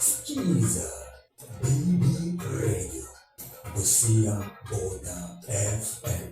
Sikiliza BB Radio Busia Border FM.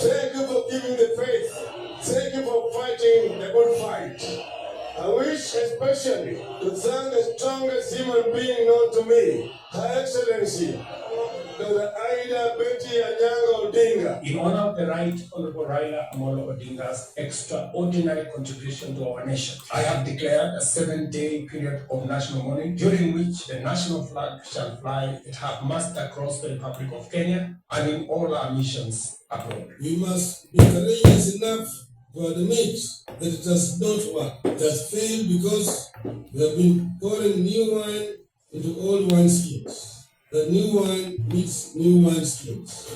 Thank you for giving the faith. Thank you for fighting the good fight. I wish especially to thank the strongest human being known to me, Her Excellency, Dr. Aida Betty Anyanga Odinga. In honor of the right Honorable Raila Amolo Odinga's extraordinary contribution to our nation, I have declared a seven-day period of national mourning during which the national flag shall fly at half mast across the Republic of Kenya and in all our missions abroad. We must be courageous enough to admit that it does not work. It has failed because we have been pouring new wine into old wine skins. The new wine meets new wine skins.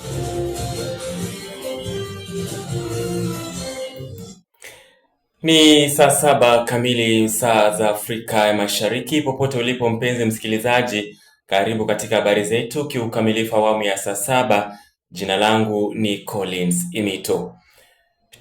Ni saa saba kamili saa za Afrika ya Mashariki. Popote ulipo mpenzi msikilizaji, karibu katika habari zetu kiukamilifu awamu ya saa saba. Jina langu ni Collins Imito.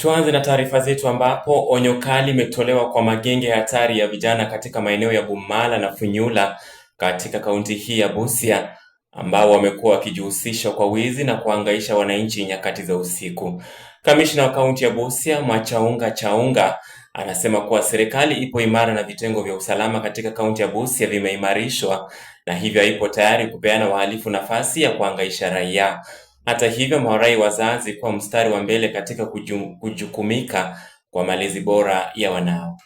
Tuanze na taarifa zetu ambapo onyo kali imetolewa kwa magenge hatari ya vijana katika maeneo ya Bumala na Funyula katika kaunti hii ya Busia ambao wamekuwa wakijihusisha kwa wizi na kuhangaisha wananchi nyakati za usiku. Kamishna wa kaunti ya Busia Machaunga Chaunga anasema kuwa serikali ipo imara na vitengo vya usalama katika kaunti ya Busia vimeimarishwa na hivyo haipo tayari kupeana wahalifu nafasi ya kuhangaisha raia. Hata hivyo, mawarai wazazi kuwa mstari wa mbele katika kuju, kujukumika kwa malezi bora ya wanao,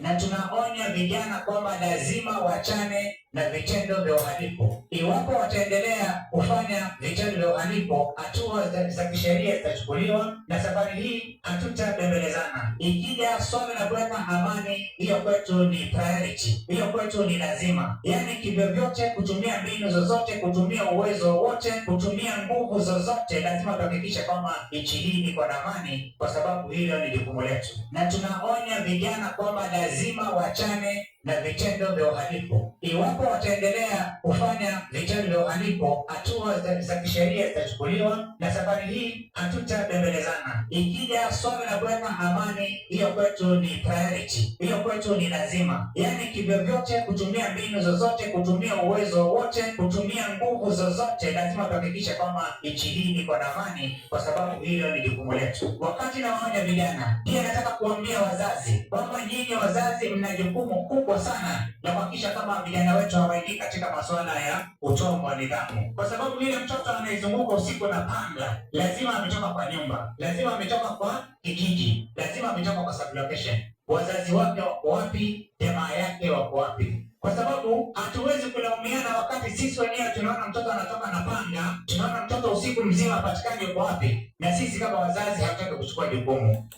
na tunaonya vijana kwamba lazima wachane na vitendo vya uhalifu. Iwapo wataendelea kufanya vitendo vya uhalifu, hatua za kisheria zitachukuliwa, na safari hii hatutabembelezana. Ikija swala la kuweka amani, hiyo kwetu ni priority, hiyo kwetu ni lazima, yaani kivyovyote, kutumia mbinu zozote, kutumia uwezo wowote, kutumia nguvu zozote, lazima tuhakikishe kwamba nchi hii iko na amani, kwa sababu hilo ni jukumu letu, na tunaonya vijana kwamba lazima wachane na vitendo vya uhalifu. Iwapo wataendelea kufanya vitendo vya uhalifu, hatua za kisheria zitachukuliwa, na safari hii hatutabembelezana. Ikija swala la kuweka amani, hiyo kwetu ni priority, hiyo kwetu ni lazima. Yaani kivyovyote, kutumia mbinu zozote, kutumia uwezo wote, kutumia nguvu zozote, lazima tuhakikishe kwamba nchi hii iko na amani, kwa sababu hilo ni jukumu letu. Wakati nawaonya vijana, pia nataka kuambia wazazi kwamba nyinyi wazazi mna jukumu kubwa kubwa sana la kuhakikisha kama vijana wetu hawaingii katika masuala ya utovu wa nidhamu, kwa sababu yule mtoto anayezunguka usiku na panga lazima ametoka kwa nyumba, lazima ametoka kwa kijiji, lazima ametoka kwa sublocation. Wazazi wake wako wapi? Jamaa yake wako wapi? Kwa sababu hatuwezi kulaumiana wakati sisi wenyewe tunaona mtoto anatoka na panga, tunaona mtoto usiku mzima apatikane, kwa wapi? Na sisi kama wazazi hatutaki kuchukua jukumu.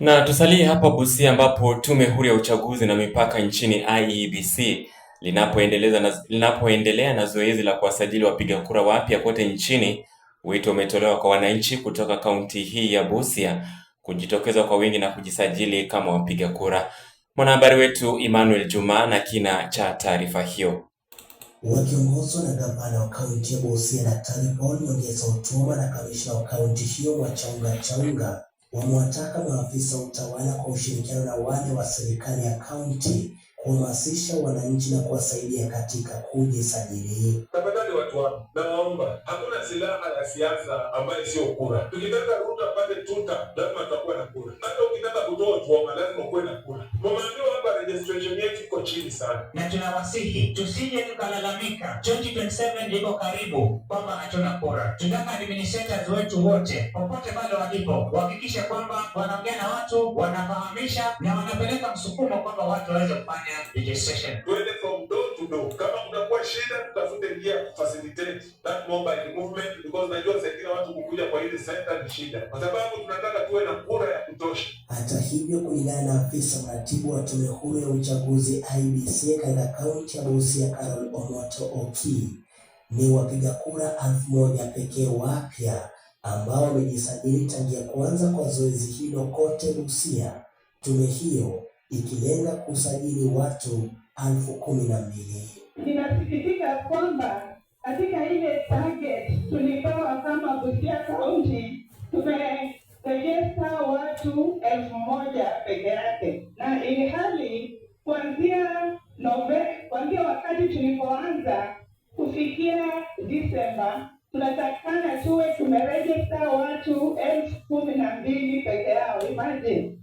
Na tusalie hapa Busia ambapo tume huru ya uchaguzi na mipaka nchini IEBC linapoendelea na, linapoendelea na zoezi la kuwasajili wapiga kura wapya kote nchini, wito umetolewa kwa wananchi kutoka kaunti hii ya Busia kujitokeza kwa wingi na kujisajili kama wapiga kura. Mwanahabari wetu Emmanuel Juma na kina cha taarifa hiyo. Wakiongozwa na gavana wa kaunti ya Busia Daktari Paul Nyongesa Otuoma na kamishna wa kaunti hiyo Chaunga, chaunga wamewataka maafisa wa utawala kwa ushirikiano na wale wa serikali ya kaunti kuhamasisha wananchi na kuwasaidia katika kujisajili kwa Nawaomba, hakuna silaha ya siasa ambayo sio kura. Tukitaka Ruta pate tuta, lazima tutakuwa na kura. Hata ukitaka kutoa tuoma, lazima kuwe na kura. Mwameambiwa hapa registration yetu iko chini sana, na tunawasihi tusije tukalalamika 2027 iko karibu kwamba hatuna kura. Tunataka administrators wetu wote popote pale walipo wahakikishe kwamba wanaongea na watu, wanafahamisha na wanapeleka msukumo kwamba watu waweze kufanya registration. Tuende from door to door. Kama mtakuwa shida, tutafute njia ya facilitate that mobile movement because najua saa ingine watu kukuja kwa ile center ni shida, kwa sababu tunataka tuwe na kura ya kutosha. Hata hivyo, kulingana na afisa mratibu wa tume huru ya uchaguzi IEBC katika kaunti ya Busia Carol Omoto Oki, ni wapiga kura elfu moja pekee wapya ambao wamejisajili tangia kuanza kwa zoezi hilo kote Busia, tume hiyo ikilenga kusajili watu elfu kumi na mbili. Ninasikitika kwamba katika ile target tulipewa kama Busia County, tumerejesta watu elfu moja peke yake, na ili hali kuanzia nove kuanzia wakati tulipoanza kufikia Disemba tunatakikana tuwe tumerejesta watu elfu kumi na mbili peke yao. Imagine.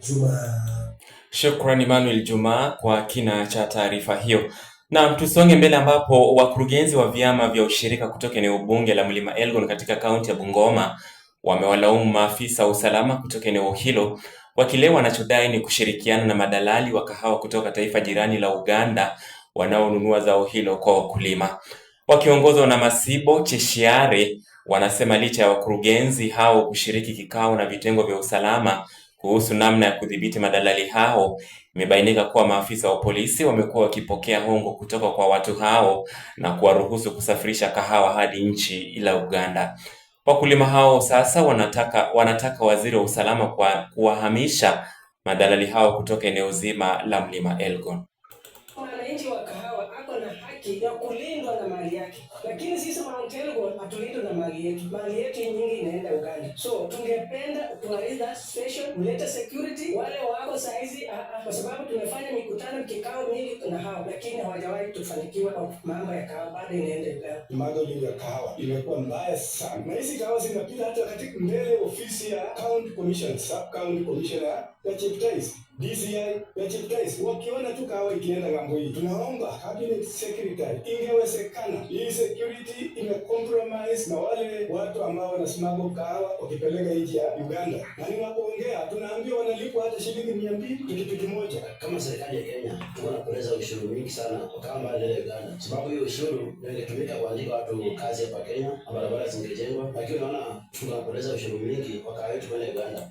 Juma. Shukrani Juma kwa kina cha taarifa hiyo. nam tusonge mbele ambapo wakurugenzi wa vyama vya ushirika kutoka eneo bunge la Mlima Elgon katika kaunti ya Bungoma wamewalaumu maafisa wa usalama kutoka eneo hilo kwa kile wanachodai ni kushirikiana na madalali wa kahawa kutoka taifa jirani la Uganda wanaonunua zao hilo kwa wakulima. Wakiongozwa na Masibo Cheshiare, wanasema licha ya wakurugenzi hao kushiriki kikao na vitengo vya usalama kuhusu namna ya kudhibiti madalali hao, imebainika kuwa maafisa wa polisi wamekuwa wakipokea hongo kutoka kwa watu hao na kuwaruhusu kusafirisha kahawa hadi nchi la Uganda. Wakulima hao sasa wanataka wanataka waziri wa usalama kwa kuwahamisha madalali hao kutoka eneo zima la Mlima Elgon yetu ya kulindwa na mali yake, lakini sisi Montenegro hatulindwa na mali yetu. Mali yetu nyingi inaenda Uganda, so tungependa kumaliza session, kuleta security wale wako saizi, ah, ah, kwa sababu tumefanya mikutano kikao mingi na hao, lakini hawajawahi tufanikiwa kwa mambo ya kahawa, bado inaenda Uganda. Mambo ya kahawa imekuwa mbaya sana, na hizi kahawa zinapita hata katika mbele ofisi ya county commissioner, sub county commissioner ya Cheptais. DCI ya Chief wakiona tu kahawa ikienda gambo hii, tunaomba cabinet secretary, ingewezekana hii security ime compromise na wale watu ambao wanasimama kawa wakipeleka nchi ya Uganda, na ninapoongea tunaambiwa wanalipwa hata shilingi mia mbili kitu kimoja. Kama serikali ya Kenya tunapoleza ushuru mwingi sana kama ile ya Uganda, sababu hiyo ushuru ndio ingetumika kuandika watu kazi hapa Kenya, barabara zingejengwa, lakini unaona tunapoleza ushuru mwingi kwa kahawa yetu Uganda.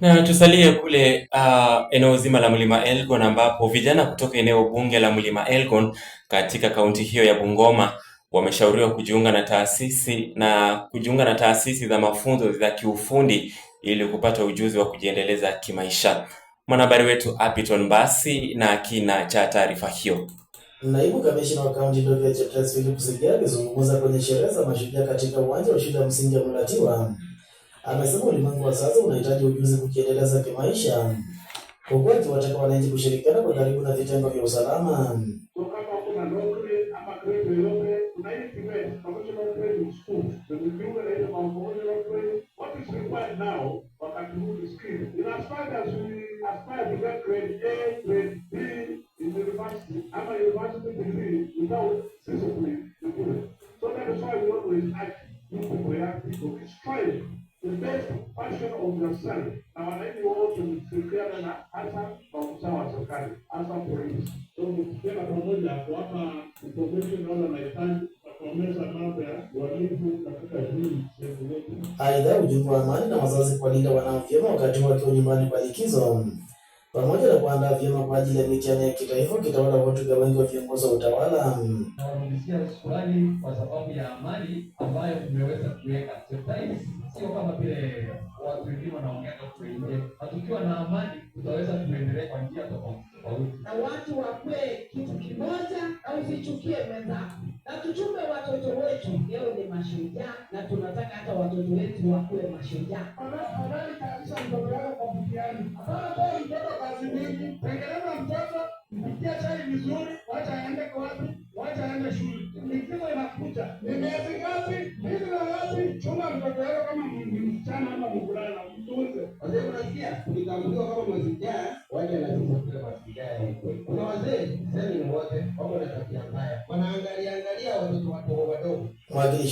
Na tusalie kule uh, eneo zima la Mlima Elgon ambapo vijana kutoka eneo bunge la Mlima Elgon katika kaunti hiyo ya Bungoma wameshauriwa kujiunga na taasisi na kujiunga na taasisi za mafunzo za kiufundi ili kupata ujuzi wa kujiendeleza kimaisha. Mwanahabari wetu Apiton basi na kina cha taarifa hiyo. Naibu kamishina wa kaunti ya Cheptais Philip Sigia akizungumza kwenye sherehe za mashujaa katika uwanja wa shule ya msingi ya Mulatiwa Amesema ulimwengu wa sasa unahitaji ujuzi kujiendeleza kimaisha, huku akiwataka wananchi kushirikiana kwa karibu na vitengo vya usalama. serikali na wananchi wote na hasa maafisa wa serikali hasa polisi. pamoja kuwapa naona mahitaji Aidha, ujumbe wa amani na wazazi kuwalinda wanao vyema wakati wakiwa nyumbani kwa likizo, pamoja na kuandaa vyema kwa ajili ya mitihani ya kitaifa kitawala hotuba wengi wa viongozi wa utawala. Nawarudishia shukrani kwa sababu ya amani ambayo tumeweza kuweka sio kama vile watu wengine wanaongea huko nje. Tukiwa na amani, tutaweza kuendelea kwa njia tofauti tofauti, na watu wakwe kitu kimoja, au sichukie mwenzako, na tuchume watoto wetu. Leo ni mashujaa, na tunataka hata watoto wetu wakuwe mashujaa. Habari kabisa, mtoto wako kwa mtihani, kwa mtoto kazi mingi, tengeneza mtoto, mpikia chai vizuri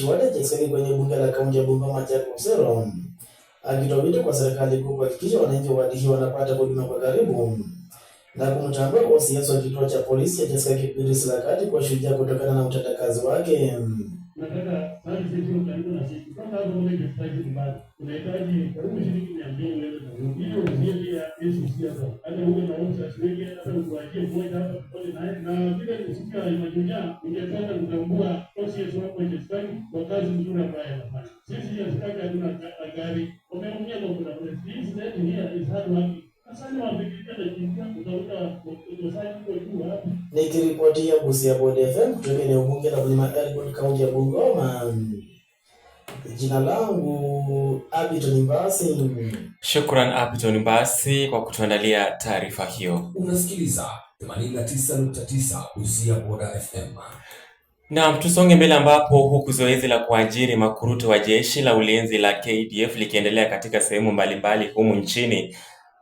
Kiwete Chaiskeki kwenye bunge la kaunti ya Bungoma Jack Musero akitoa wito kwa serikali kuu kuhakikisha wananchi wadishi wanapata huduma kwa karibu na kumtambua kwa siasa wa kituo cha polisi ya Chaiskeki Piri kati kwa shujaa kutokana na utendakazi wake nataka sasa sisi karibu na sisi kama hapo mimi nitahitaji mbali unahitaji karibu shilingi 200 leo na hiyo ndio pia Yesu si hapo hata uwe na wewe shilingi hata uwaje mmoja hapa pole naye na vile nisikia imajumia ningependa kutambua kosi yetu hapo ile stadi kwa kazi nzuri ambayo anafanya sisi ya stadi hatuna gari umeongea kwa kuna sisi yetu here is hard working Nikiripotia Busia Pod FM kutoka eneo bunge la Mlima Elgon, kaunti ya Bungoma. Jina langu Abiton Mbasi. Shukran Abiton Mbasi kwa kutuandalia taarifa hiyo. Unasikiliza 89.9 Busia Pod FM. Naam, tusonge mbele ambapo huku zoezi la kuajiri makuruto wa jeshi la ulinzi la KDF likiendelea katika sehemu mbalimbali humu nchini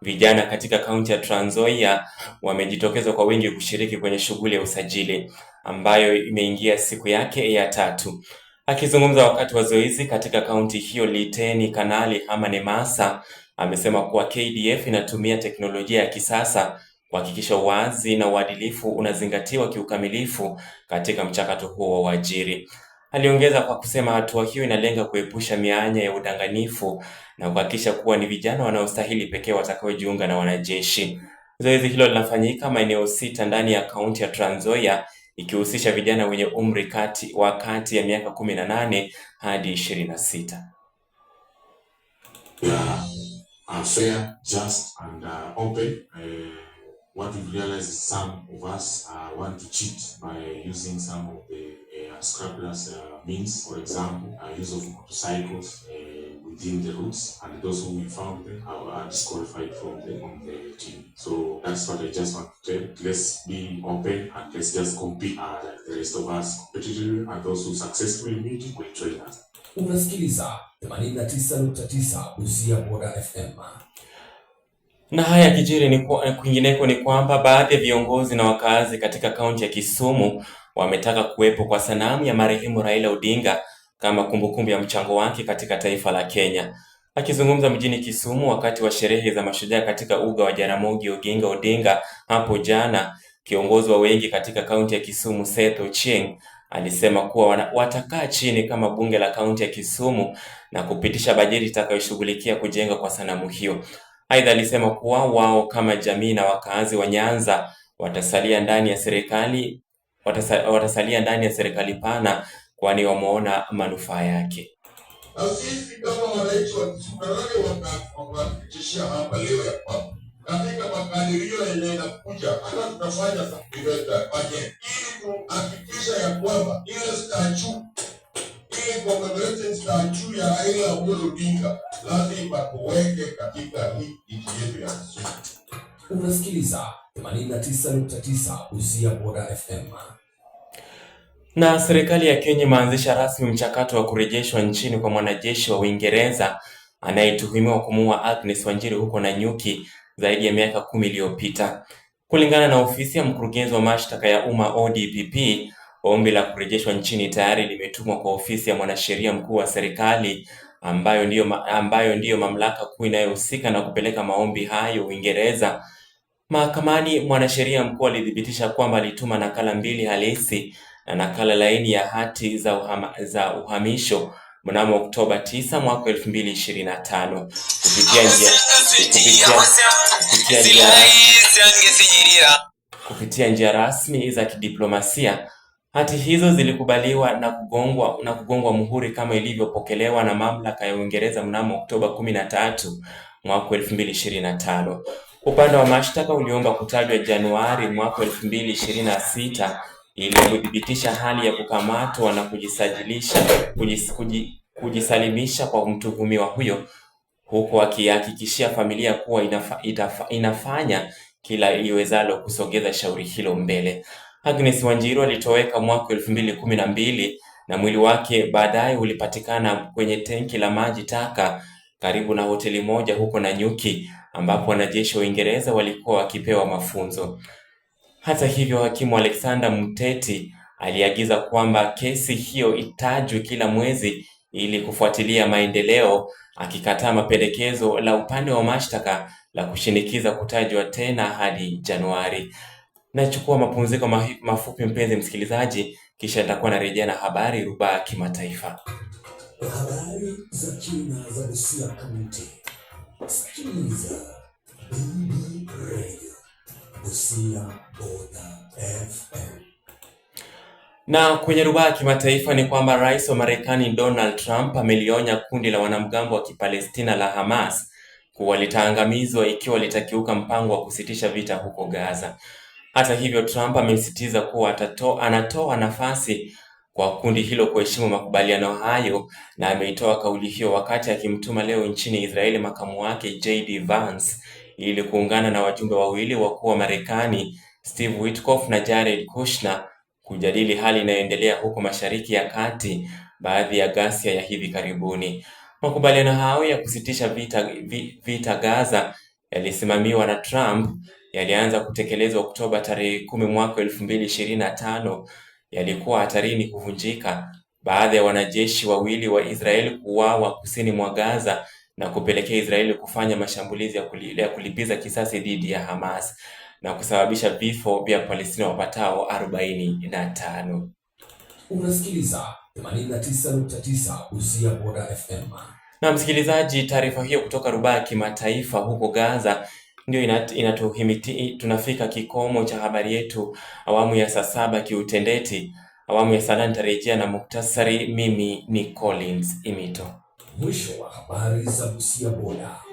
Vijana katika kaunti ya Trans Nzoia wamejitokeza kwa wingi kushiriki kwenye shughuli ya usajili ambayo imeingia siku yake ya tatu. Akizungumza wakati wa zoezi katika kaunti hiyo, Liteni Kanali Hamane Masa amesema kuwa KDF inatumia teknolojia ya kisasa kuhakikisha uwazi na uadilifu unazingatiwa kiukamilifu katika mchakato huo wa uajiri. Aliongeza kwa kusema hatua hiyo inalenga kuepusha mianya ya udanganyifu na kuhakikisha kuwa ni vijana wanaostahili pekee watakaojiunga na wanajeshi. Zoezi hilo linafanyika maeneo sita ndani ya kaunti ya Trans Nzoia ikihusisha vijana wenye umri kati wa kati ya miaka kumi na nane hadi ishirini na sita. Uh, uh, uh, what we realize is some of us uh, want to cheat by using some of the scrapulous uh, means, for example, uh, use of motorcycles uh, within the routes, and those who we found them are, are disqualified from the, on the team. So that's what I just want to tell. Let's be open and let's just compete uh, like the rest of us competitively, and those who successfully meet it will join us. Unasikiliza 89.9 Busia Border FM. Na haya kijiri ni kwingineko ni kwamba baadhi ya viongozi na wakazi katika kaunti ya Kisumu wametaka kuwepo kwa sanamu ya marehemu Raila Odinga kama kumbukumbu ya mchango wake katika taifa la Kenya. Akizungumza mjini Kisumu wakati wa sherehe za mashujaa katika uga wa Jaramogi Oginga Odinga hapo jana, kiongozi wa wengi katika kaunti ya Kisumu Seth Ochieng alisema kuwa watakaa chini kama bunge la kaunti ya Kisumu na kupitisha bajeti itakayoshughulikia kujenga kwa sanamu hiyo. Aidha, alisema kuwa wao kama jamii na wakaazi wa Nyanza watasalia ndani ya serikali watasa, watasalia ndani ya serikali pana, kwani wameona manufaa yake. Na sisi kama wananchi wa Kisumu wanatuhakikishia hapa leo ya kwamba katika makadirio yenye kuja hata tutafanya ili kuhakikisha ya kwamba ile stachuu ile commemorative ya Raila Amolo Odinga lazima tuweke katika hii nchi yetu ya Unasikiliza 89.9 FM. Na serikali ya Kenya imeanzisha rasmi mchakato wa kurejeshwa nchini kwa mwanajeshi wa Uingereza anayetuhumiwa kumuua Agnes Wanjiru huko Nanyuki zaidi ya miaka kumi iliyopita. Kulingana na ofisi ya mkurugenzi wa mashtaka ya umma ODPP, ombi la kurejeshwa nchini tayari limetumwa kwa ofisi ya mwanasheria mkuu wa serikali ambayo ndiyo, ambayo ndiyo mamlaka kuu inayohusika na kupeleka maombi hayo Uingereza Mahakamani, mwanasheria mkuu alithibitisha kwamba alituma nakala mbili halisi na nakala laini ya hati za, uhama, za uhamisho mnamo Oktoba 9 mwaka 2025 kupitia njia kupitia njia kupitia njia rasmi za kidiplomasia. Hati hizo zilikubaliwa na kugongwa na kugongwa muhuri kama ilivyopokelewa na mamlaka ya Uingereza mnamo Oktoba 13 mwaka 2025. Upande wa mashtaka uliomba kutajwa Januari mwaka 2026 ili kuthibitisha hali ya kukamatwa na kujisajilisha kujis, kujisalimisha kwa mtuhumiwa huyo huku akihakikishia familia kuwa inafa, itafa, inafanya kila iwezalo kusogeza shauri hilo mbele. Agnes Wanjiru alitoweka mwaka 2012 na mwili wake baadaye ulipatikana kwenye tenki la maji taka karibu na hoteli moja huko Nanyuki ambapo wanajeshi wa Uingereza walikuwa wakipewa mafunzo. Hata hivyo, hakimu Alexander Mteti aliagiza kwamba kesi hiyo itajwe kila mwezi ili kufuatilia maendeleo, akikataa mapendekezo la upande wa mashtaka la kushinikiza kutajwa tena hadi Januari. Nachukua mapumziko mafupi, mpenzi msikilizaji, kisha nitakuwa narejea na habari rubaa kimataifa habari za kina za Busia Kaunti. Sikiliza Bibi Radio Busia Boda FM. Na kwenye rubaa ya kimataifa ni kwamba rais wa Marekani Donald Trump amelionya kundi la wanamgambo wa Kipalestina la Hamas kuwa litaangamizwa ikiwa litakiuka mpango wa kusitisha vita huko Gaza. Hata hivyo, Trump amesisitiza kuwa anatoa nafasi kwa kundi hilo kuheshimu makubaliano hayo, na ameitoa kauli hiyo wakati akimtuma leo nchini Israeli makamu wake JD Vance ili kuungana na wajumbe wawili wakuu wa Marekani Steve Witkoff na Jared Kushner kujadili hali inayoendelea huko Mashariki ya Kati baadhi ya ghasia ya hivi karibuni. Makubaliano hayo ya kusitisha vita, vita Gaza yalisimamiwa na Trump yalianza kutekelezwa Oktoba tarehe kumi mwaka elfu mbili ishirini na tano yalikuwa hatarini kuvunjika baada ya wanajeshi wawili wa Israeli kuuawa kusini mwa Gaza na kupelekea Israeli kufanya mashambulizi ya kulipiza kisasi dhidi ya Hamas na kusababisha vifo vya Palestina wapatao 45. Unasikiliza 89.9 Busia Border FM. Na msikilizaji, taarifa hiyo kutoka Rubaa ya Kimataifa huko Gaza ndio inatuhimiti tunafika kikomo cha habari yetu awamu ya saa saba kiutendeti. Awamu ya nane nitarejea na muktasari. Mimi ni Collins Imito. Mwisho wa habari za Busia Bora.